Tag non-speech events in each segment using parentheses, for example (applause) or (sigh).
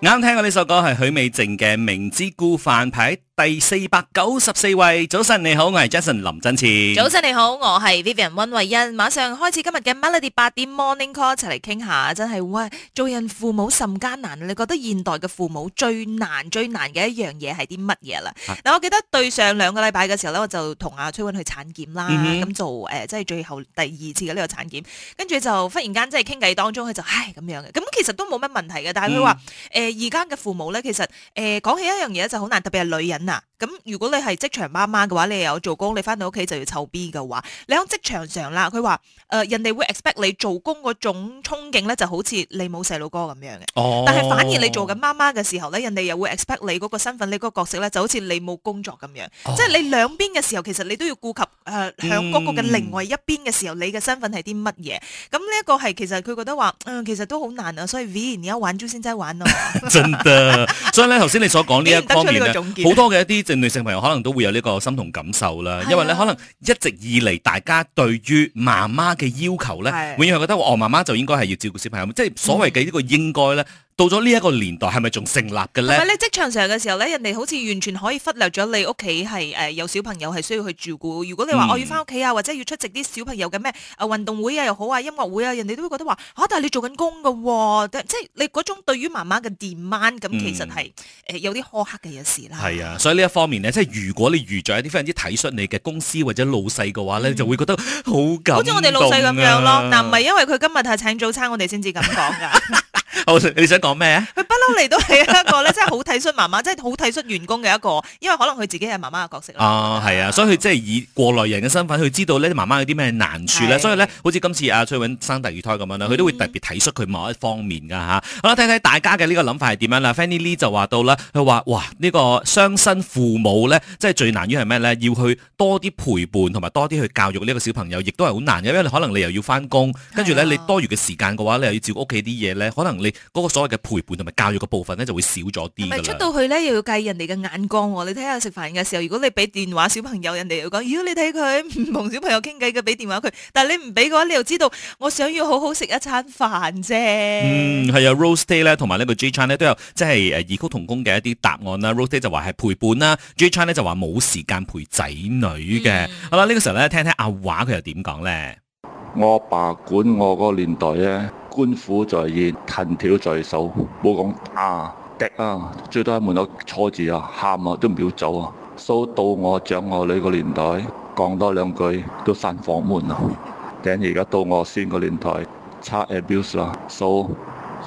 啱聽過呢首歌，係許美靜嘅《明知故犯》牌。第四百九十四位，早晨你好，我係 Jason 林振前。早晨你好，我係 Vivian 溫慧欣。馬上開始今日嘅 Melody 八點 Morning Call，一齊嚟傾下，真係喂，做人父母甚艱難。你覺得現代嘅父母最難、最難嘅一樣嘢係啲乜嘢啦？嗱、啊，我記得對上兩個禮拜嘅時候咧，我就同阿崔允去產檢啦，咁、嗯、做誒，即、呃、係、就是、最後第二次嘅呢個產檢，跟住就忽然間即係傾偈當中，佢就唉咁樣嘅。咁其實都冇乜問題嘅，但係佢話誒，而家嘅父母咧，其實誒講、嗯呃呃、起一樣嘢就好難，特別係女人。咁如果你係職場媽媽嘅話，你又有做工，你翻到屋企就要湊 B 嘅話，你喺職場上啦，佢話誒人哋會 expect 你做工嗰種憧憬咧，就好似你冇細路哥咁樣嘅、哦。但係反而你做緊媽媽嘅時候咧，人哋又會 expect 你嗰個身份，你嗰個角色咧，就好似你冇工作咁樣。哦、即係你兩邊嘅時候，其實你都要顧及誒響嗰個嘅另外一邊嘅時候，嗯、你嘅身份係啲乜嘢？咁呢一個係其實佢覺得話、嗯，其實都好難啊。所以 V，你家玩珠先真係玩啊！ (laughs) 真的， (laughs) 所以咧頭先你所講呢一嘅一啲正女性朋友可能都會有呢個心同感受啦，因為咧、啊、可能一直以嚟大家對於媽媽嘅要求咧，永遠係覺得我媽媽就應該係要照顧小朋友，即、就、係、是、所謂嘅呢個應該咧。嗯到咗呢一個年代，係咪仲成立嘅咧？咁咧，職場上嘅時候咧，人哋好似完全可以忽略咗你屋企係誒有小朋友係需要去照顧。如果你話我要返屋企啊，或者要出席啲小朋友嘅咩誒運動會啊又好啊音樂會啊，人哋都會覺得話吓，但係你做緊工噶，即係你嗰種對於媽媽嘅 demand，咁其實係誒有啲苛刻嘅一回事啦。係啊，所以呢一方面咧，即係如果你遇着一啲非常之體恤你嘅公司或者老細嘅話咧，就會覺得好感動。好似我哋老細咁樣咯，嗱唔係因為佢今日係請早餐，我哋先至咁講噶。哦、你想講咩啊？佢不嬲嚟都係一個咧， (laughs) 即係好體恤媽媽， (laughs) 即係好體恤員工嘅一個，因為可能佢自己係媽媽嘅角色咯。係、哦、啊、嗯，所以佢即係以過來人嘅身份，去知道咧媽媽有啲咩難處咧，所以咧，好似今次阿崔允生第二胎咁樣咧，佢都會特別體恤佢某一方面噶吓、嗯。好啦，睇睇大家嘅呢個諗法係點樣啦。Fanny Lee 就話到啦，佢話哇呢、這個雙身父母咧，即係最難於係咩咧？要去多啲陪伴同埋多啲去教育呢個小朋友，亦都係好難，因為可能你又要返工，跟住咧你多餘嘅時間嘅話，你又要照顧屋企啲嘢咧，可能。你嗰個所謂嘅陪伴同埋教育嘅部分咧，就會少咗啲。咪出到去咧，又要計人哋嘅眼光，哦。你睇下食飯嘅時候，如果你俾電話小朋友，人哋又講，果，呃、你睇佢唔同小朋友傾偈嘅，俾電話佢。但係你唔俾嘅話，你又知道我想要好好食一餐飯啫。嗯，係啊，Rose Day 咧，同埋呢個 J Chang 咧，都有即係誒異曲同工嘅一啲答案啦。Rose Day 就話係陪伴啦，J Chang 咧就話冇時間陪仔女嘅，嗯。好啦，呢，這個時候咧，聽聽阿華佢又點講咧？我爸管我嗰個年代咧。官府在現，藤條在手，冇講打啊、踢啊，最多係門口坐住啊、喊啊，都唔要走啊。So 到我掌握呢個年代，講多兩句都閂房門啦。等而家到我先個年代，差 abuse 啦，So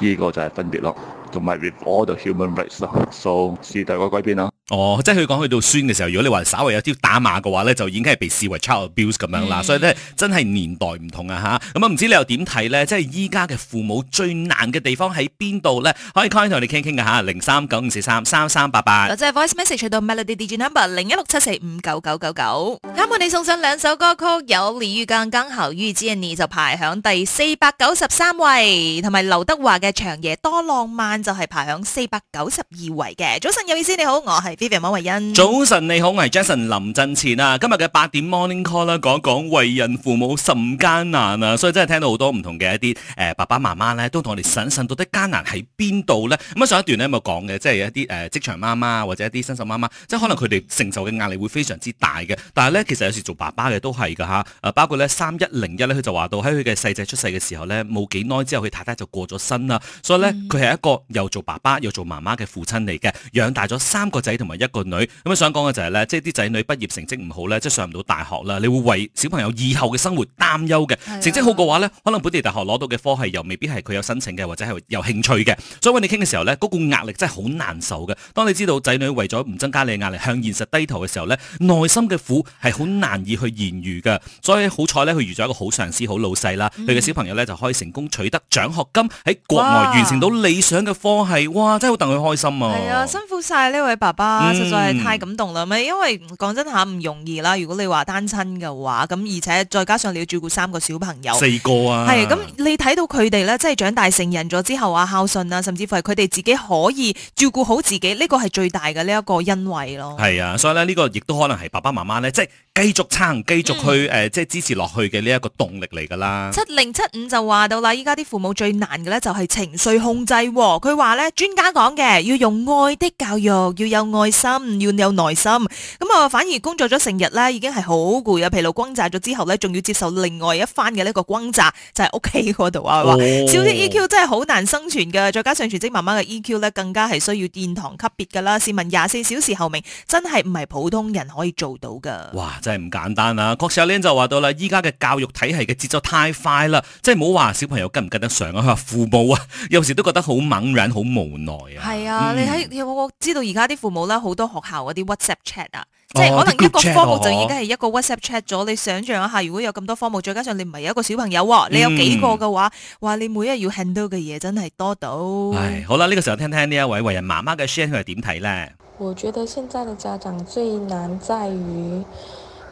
呢個就係分別咯。同埋 with all the human rights 啦，So 時代嘅改變啦。哦，即係佢講去到孫嘅時候，如果你話稍微有啲打罵嘅話呢就已經係被視為 child abuse 咁樣啦、嗯。所以呢，真係年代唔同啊嚇。咁啊，唔、嗯、知你又點睇呢？即係依家嘅父母最難嘅地方喺邊度呢？可以 call 同我哋傾傾㗎。嚇，零三九五四三三三八八。或係 voice message 去到 Melody Digi Number 零一六七四五九九九九。啱好你送上兩首歌曲，有理於間剛後於 j e 二就排響第四百九十三位，同埋劉德華嘅長夜多浪漫就係、是、排響四百九十二位嘅。早晨有意思，你好，我係。Vivia，早晨你好，我係 Jason 林振前啊。今日嘅八點 Morning Call 啦、啊，講一講為人父母甚艱難啊。所以真係聽到好多唔同嘅一啲誒、呃、爸爸媽媽咧，都同我哋呻呻到底艱難喺邊度呢？咁、嗯、上一段咧咪講嘅，即係一啲誒職場媽媽或者一啲新手媽媽，即係可能佢哋承受嘅壓力會非常之大嘅。但係咧，其實有時做爸爸嘅都係㗎嚇。包括咧三一零一咧，佢就話到喺佢嘅細仔出世嘅時候咧，冇幾耐之後佢太太就過咗身啦，所以咧佢係一個又做爸爸又做媽媽嘅父親嚟嘅，養大咗三個仔。同埋一個女咁我想講嘅就係咧，即啲仔女畢業成績唔好咧，即上唔到大學啦。你會為小朋友以後嘅生活擔憂嘅、啊。成績好嘅話咧，可能本地大學攞到嘅科系又未必係佢有申請嘅，或者係有興趣嘅。所以揾你傾嘅時候咧，嗰股壓力真係好難受嘅。當你知道仔女為咗唔增加你嘅壓力，向現實低頭嘅時候咧，內心嘅苦係好難以去言喻嘅。所以好彩咧，佢遇咗一個好上司，好老細啦。佢、嗯、嘅小朋友咧就可以成功取得獎學金，喺國外完成到理想嘅科系。哇！哇真係好戥佢開心啊！啊，辛苦晒呢位爸爸。啊！實在係太感動啦，咩、嗯？因為講真下唔容易啦。如果你話單親嘅話，咁而且再加上你要照顧三個小朋友，四個啊，係咁你睇到佢哋咧，即係長大成人咗之後，啊，孝順啊，甚至乎係佢哋自己可以照顧好自己，呢個係最大嘅呢一個恩惠咯。係啊，所以咧呢個亦都可能係爸爸媽媽咧，即、就、係、是、繼續撐、繼續去誒，即、嗯、係、呃、支持落去嘅呢一個動力嚟㗎啦。七零七五就話到啦，依家啲父母最難嘅咧就係情緒控制喎。佢話咧專家講嘅要用愛的教育，要有愛。耐心要有耐心，咁啊反而工作咗成日咧，已經係好攰啊，疲勞轟炸咗之後呢，仲要接受另外一番嘅呢個轟炸，就係屋企嗰度啊。少、哦、啲 EQ 真係好難生存噶，再加上全職媽媽嘅 EQ 呢，更加係需要殿堂級別噶啦。試問廿四小時候命，真係唔係普通人可以做到噶。哇，真係唔簡單啊！確實阿 Len 就話到啦，依家嘅教育體系嘅節奏太快啦，即係唔好話小朋友跟唔跟得上啊。佢話父母啊，有時都覺得好懵捻，好無奈啊。係啊，你喺我知道而家啲父母呢好多學校嗰啲 WhatsApp chat 啊，即係可能一個科目就已經係一個 WhatsApp chat 咗。你想象一下，如果有咁多科目，再加上你唔係一個小朋友，你有幾個嘅話，話、嗯、你每日要 handle 嘅嘢真係多到。係好啦，呢、這個時候聽聽呢一位為人媽媽嘅 share 佢係點睇咧？我覺得現在嘅家長最難在於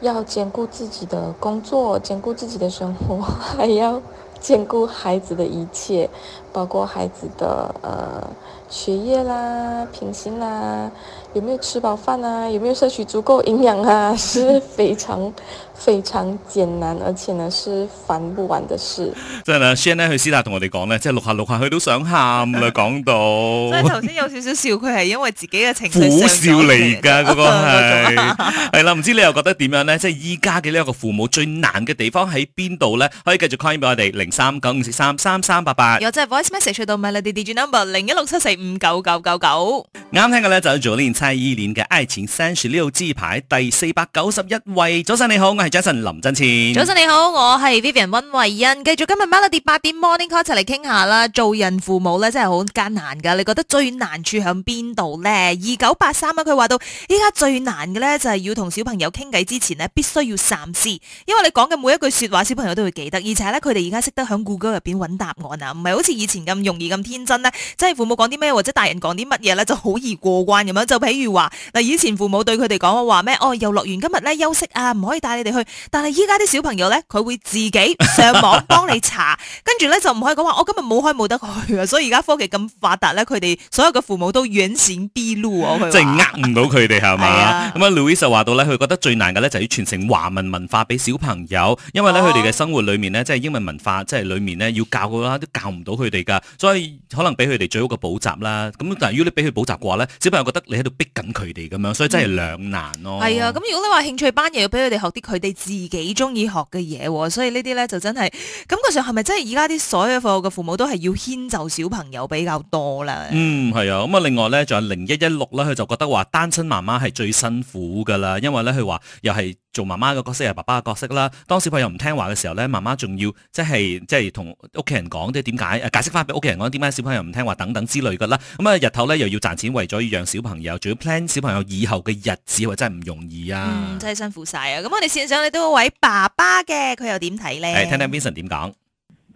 要兼顧自己嘅工作，兼顧自己嘅生活，還要兼顧孩子嘅一切，包括孩子的誒。呃學業啦，品行啦，有沒有吃飽飯啊？有沒有攝取足夠營養啊？是非常 (laughs) 非常艱難，而且呢是煩不完的事。即係啦，Shane 咧佢師奶同我哋講呢，即係錄下錄下佢都想喊啦，講 (laughs) 到。即係頭先有少少笑，佢 (laughs) 係因為自己嘅情緒苦笑嚟噶個是，嗰個係係啦，唔知你又覺得點樣呢？即係依家嘅呢一個父母最難嘅地方喺邊度呢？可以繼續 call 俾我哋零三九五四三三三八八。有即係 voice message 去到埋你哋 digital number 零一六七四。五九九九九，啱聽嘅呢就係 Jolin 蔡依林嘅愛情三十六計排第四百九十一位。早晨你好，我係 Jason 林振前。早晨你好，我係 Vivian 温慧欣。繼續今日 Melody 八點 Morning Call 一齊嚟傾下啦。做人父母呢，真係好艱難噶，你覺得最難處響邊度呢？二九八三啊，佢話到依家最難嘅呢，就係要同小朋友傾偈之前呢，必須要三思，因為你講嘅每一句說話小朋友都會記得，而且呢，佢哋而家識得響 Google 入邊揾答案啊，唔係好似以前咁容易咁天真呢、啊，即係父母講啲咩？或者大人講啲乜嘢咧就好易過關咁樣，就譬如話嗱，以前父母對佢哋講話咩？哦，遊樂園今日咧休息啊，唔可以帶你哋去。但係依家啲小朋友咧，佢會自己上網幫你查，跟住咧就唔可以講話我今日冇開冇得去啊。所以而家科技咁發達咧，佢哋所有嘅父母都原形畢露啊。即係呃唔到佢哋係嘛？咁啊，Louis 就話到咧，佢覺得最難嘅咧就要傳承華文文化俾小朋友，因為咧佢哋嘅生活裏面咧，即係英文文化，即係裏面咧要教佢啦，都教唔到佢哋噶，所以可能俾佢哋最好嘅補習。啦，咁但係如果你俾佢補習嘅話咧，小朋友覺得你喺度逼緊佢哋咁樣，所以真係兩難咯。係啊，咁如果你話興趣班又要俾佢哋學啲佢哋自己中意學嘅嘢喎，所以呢啲咧就真係感覺上係咪真係而家啲所有嘅父母都係要遷就小朋友比較多啦？嗯，係啊，咁啊另外咧仲有零一一六啦，佢就覺得話單親媽媽係最辛苦噶啦，因為咧佢話又係做媽媽嘅角色又係爸爸嘅角色啦，當小朋友唔聽話嘅時候咧，媽媽仲要即係即係同屋企人講即係點解解釋翻俾屋企人講點解小朋友唔聽話等等之類嘅。咁啊日頭咧又要賺錢，為咗養小朋友，仲要 plan 小朋友以後嘅日子，話真係唔容易啊！嗯、真係辛苦晒啊！咁我哋線上你都有位爸爸嘅，佢又點睇咧？嚟、哎、聽聽 Vincent 點講？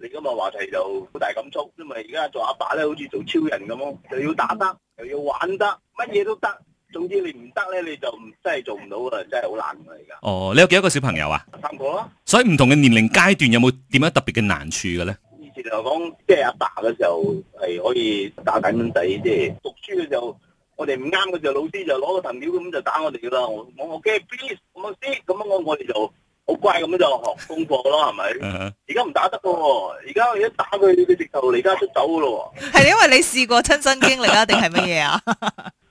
你今日話題就好大感觸，因為而家做阿爸咧，好似做超人咁咯，又要打得，又要玩得，乜嘢都得。總之你唔得咧，你就真係做唔到啊！真係好難啊！哦，你有幾多個小朋友啊？三個咯。所以唔同嘅年齡階段有冇點樣特別嘅難處嘅咧？其實講，即係阿爸嘅時候係可以打緊仔，即係讀書嘅時候，我哋唔啱嘅時候，老師就攞個藤條咁就打我哋嘅啦。我 Base，我我驚 p e a 我咁樣我我哋就好乖咁樣就學功課咯，係咪？而家唔打得喎，而家一打佢，佢直頭離家出走嘅咯。係因為你試過親身經歷啊，定係乜嘢啊？ (laughs)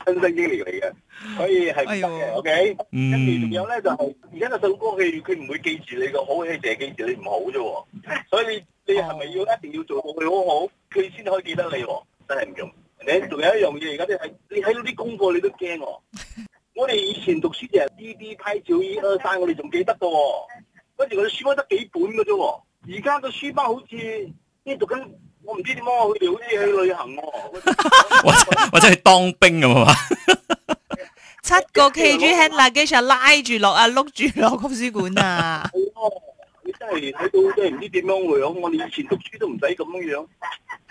親身經歷嚟嘅，所以係唔得嘅。O K，跟住仲有咧，就係而家嗰細路哥嘅，佢唔會記住你個好，佢淨係記住你唔好啫。所以你你係咪要、哦、一定要做到佢好好，佢先可以記得你。真係唔用。你仲有一樣嘢，而家啲係你睇到啲功課你都驚。 (laughs) 我哋以前讀書就依啲批註依啲，但我哋仲記得噶。嗰時我啲書包得幾本噶啫。而家個書包好似呢讀緊我唔知點解佢哋好似去旅行喎，或者或者去當兵㗎嘛！七個 KG hand luggage 拉住落啊，碌住落圖書館啊！哇，你真係睇到真係唔知點樣樣，我哋以前讀書都唔使咁樣樣，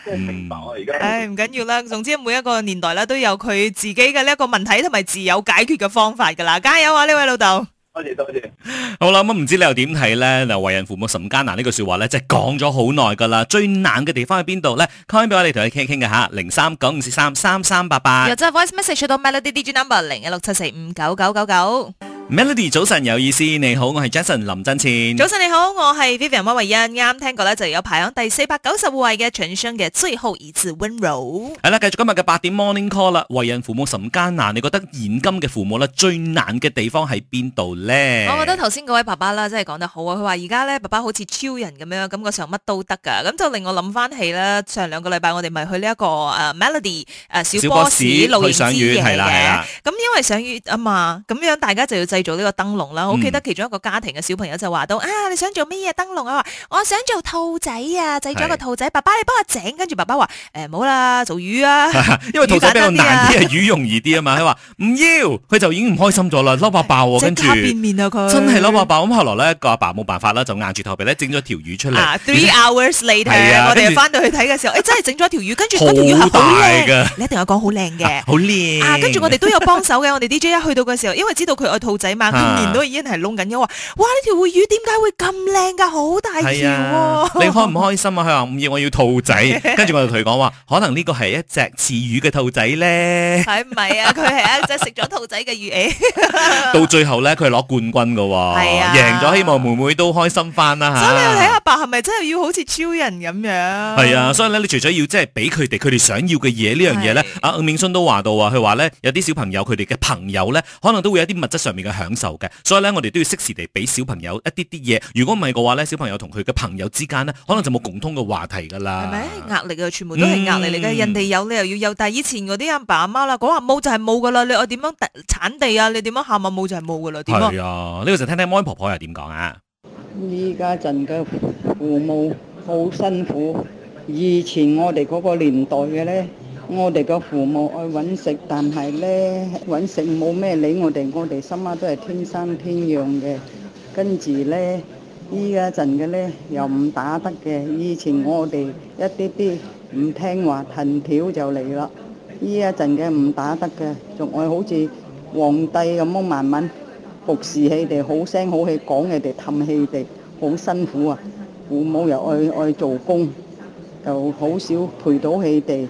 真係明白啊！而家唉，唔緊要啦，總之每一個年代啦，都有佢自己嘅一個問題同埋自有解決嘅方法噶啦，加油啊！呢位老豆。多謝多謝，謝，謝，好啦，咁、嗯、唔知道你又點睇咧？嗱，為人父母甚艱難句呢句說話咧，即係講咗好耐噶啦。最難嘅地方喺邊度咧？交翻俾我哋同你傾一傾嘅吓，零三九五四三三三八八。又即係 Voice Message 到 Melody Digi Number 零一六七四五九九九九。Melody 早晨有意思，你好，我係 Jason 林真前。早晨你好，我係 Vivian 温慧欣，啱聽過咧就有排行第四百九十位嘅《蠢傷嘅最後一次温柔》。係啦，繼續今日嘅八點 Morning Call 啦。為人父母甚艱難，你覺得現今嘅父母啦最難嘅地方喺邊度咧？我覺得頭先嗰位爸爸啦真係講得好啊，佢話而家咧爸爸好似超人咁樣，感覺上乜都得噶，咁就令我諗翻起啦。上兩個禮拜我哋咪去呢、這、一個誒、uh, Melody 誒、uh, 小,小波士露營之夜嘅，咁、嗯、因為上月啊嘛，咁樣大家就要制。做呢個燈籠啦，我記得其中一個家庭嘅小朋友就話到、嗯、啊，你想做咩嘢燈籠啊？話我想做兔仔啊，製咗個兔仔，爸爸你幫我整，跟住爸爸話誒，冇、欸、啦，做魚啊，因為兔仔比較難啲、啊、魚容易啲啊嘛，佢話唔要，佢就已經唔開心咗啦，嬲 (laughs) 爆爆、啊，跟住變面啊佢，真係嬲爆爆、啊。咁後來咧個阿爸冇辦法啦，就硬住頭皮咧整咗條魚出嚟、啊。Three hours later，、啊、我哋翻到去睇嘅時候，欸、真係整咗條魚，跟住嗰條魚好靚嘅， (laughs) 你一定有講好靚嘅，好靚啊，跟住、啊、我哋都有幫手嘅，我哋 DJ 一去到嘅時候，因為知道佢愛兔仔。仔、啊、今年都已經係攞緊嘅哇！這條魚魚為這呢條會魚點解會咁靚㗎？好大條喎、啊啊！你開唔開心啊？佢話唔要，我要兔仔。跟住、啊、我就同佢講話，可能呢個係一隻似魚嘅兔仔咧。係唔係啊？佢係一隻食咗兔仔嘅魚，魚 (laughs) 到最後咧，佢係攞冠軍㗎喎。啊，贏咗，希望妹妹都開心翻啦。所以你要睇阿爸係咪真係要好似超人咁樣？係啊，所以咧，你除咗要即係俾佢哋佢哋想要嘅嘢、啊、呢樣嘢咧，阿吳敏都話到話，佢話咧有啲小朋友佢哋嘅朋友咧，可能都會有啲物質上面嘅。享受嘅，所以咧，我哋都要適時地俾小朋友一啲啲嘢。如果唔係嘅話咧，小朋友同佢嘅朋友之間咧，可能就冇共通嘅話題噶啦。係咪？壓力啊，全部都係壓力嚟嘅、嗯。人哋有你又要有，但係以前嗰啲阿爸阿媽啦，講話冇就係冇噶啦。你我點樣產地啊？你點樣喊下冇就係冇噶啦？點啊？呢、這個就聽聽安婆婆又點講啊？依家陣嘅父母好辛苦，以前我哋嗰個年代嘅咧。我哋嘅父母愛揾食，但係呢，揾食冇咩理我哋。我哋心啊都係天生天養嘅。跟住呢，依家陣嘅呢，又唔打得嘅。以前我哋一啲啲唔聽話，藤條就嚟啦。依家陣嘅唔打得嘅，仲愛好似皇帝咁樣慢慢服侍佢哋，好聲好氣講佢哋、氹佢哋，好辛苦啊！父母又愛愛做工，又好少陪到佢哋。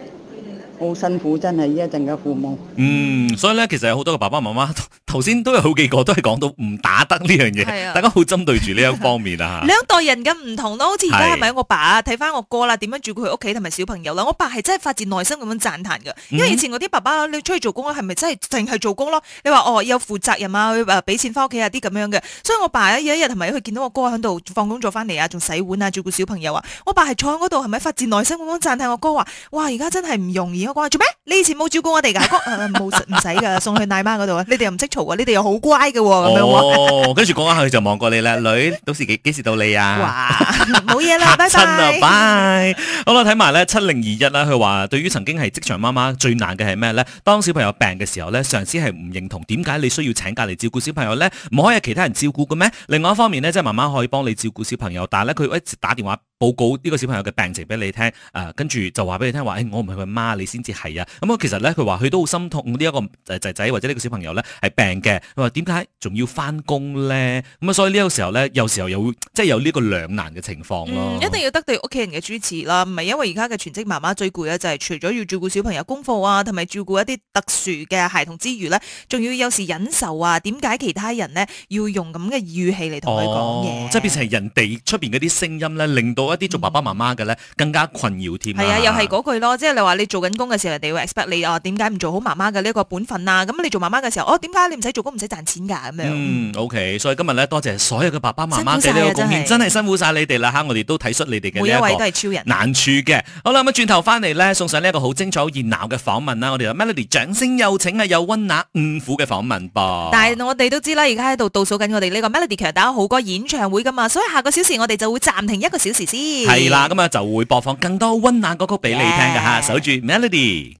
好辛苦，真係一陣嘅父母。嗯，所以咧，其實有好多嘅爸爸媽媽。頭先都有好幾個，都係講到唔打得呢樣嘢，啊、大家好針對住呢一方面啊嚇。 (laughs) 兩代人嘅唔同咯，好似而家係咪我爸睇翻我哥啦，點樣照顧佢屋企同埋小朋友啦？我爸係真係發自內心咁樣讚歎嘅，因為以前我啲爸爸你出去做工係咪真係淨係做工咯？你話哦有負責任啊，俾錢翻屋企啊啲咁樣嘅，所以我爸有一日係咪佢見到我哥喺度放工咗翻嚟啊，仲洗碗啊，照顧小朋友啊，我爸係坐喺嗰度係咪發自內心咁樣讚歎我哥話，哇！而家真係唔容易我哥，做咩？你以前冇照顧我哋㗎哥，冇唔使㗎，送去奶媽嗰度啊，你哋又唔識嘈。 (laughs) 你哋又好乖嘅，咁樣喎。跟住講下佢就望過你啦， (laughs) 女，到時幾幾時到你啊？哇，冇嘢啦，拜拜。好啦，睇埋咧七零二一啦。佢話對於曾經係職場媽媽最難嘅係咩咧？當小朋友病嘅時候咧，上司係唔認同，點解你需要請假嚟照顧小朋友咧？唔可以係其他人照顧嘅咩？另外一方面咧，即係媽媽可以幫你照顧小朋友，但係咧佢一直打電話報告呢個小朋友嘅病情俾你聽。誒、呃，跟住就話俾你聽話，誒、欸，我唔係佢媽，你先至係啊。咁、嗯、啊，其實咧佢話佢都好心痛呢一、這個誒仔仔或者呢個小朋友咧係病。嘅，佢話點解仲要翻工咧？咁啊所以呢個時候咧，有時候又會即係有呢、就是、個兩難嘅情況咯、嗯，一定要得到屋企人嘅支持啦，唔係因為而家嘅全職媽媽最攰啊就係除咗要照顧小朋友功課啊，同埋照顧一啲特殊嘅孩童之餘咧，仲要有時忍受啊點解其他人咧要用咁嘅語氣嚟同佢講嘢，即係變成人哋出邊嗰啲聲音咧，令到一啲做爸爸媽媽嘅咧更加困擾添，係、嗯、啊又係嗰句咯，即、就、係、是、你話你做緊工嘅時候人哋會 expect 你啊點解唔做好媽媽嘅呢個本分啊，咁你做媽媽嘅時候哦點解你？唔使做工唔使賺錢噶咁樣。嗯，OK。所以今日咧，多謝所有嘅爸爸媽媽嘅呢個貢獻，真係辛苦晒你哋啦吓。我哋都睇出你哋嘅每一位都係超人難處嘅。好啦，咁啊轉頭翻嚟咧，送上呢一個好精彩、好熱鬧嘅訪問啦。我哋有 Melody 掌聲有請啊，有溫雅五虎嘅訪問噃。但係我哋都知啦，而家喺度倒數緊我哋呢個 Melody 強打好歌演唱會噶嘛，所以下個小時我哋就會暫停一個小時先。係啦，咁啊就會播放更多溫雅歌曲俾你聽噶吓，守住 Melody。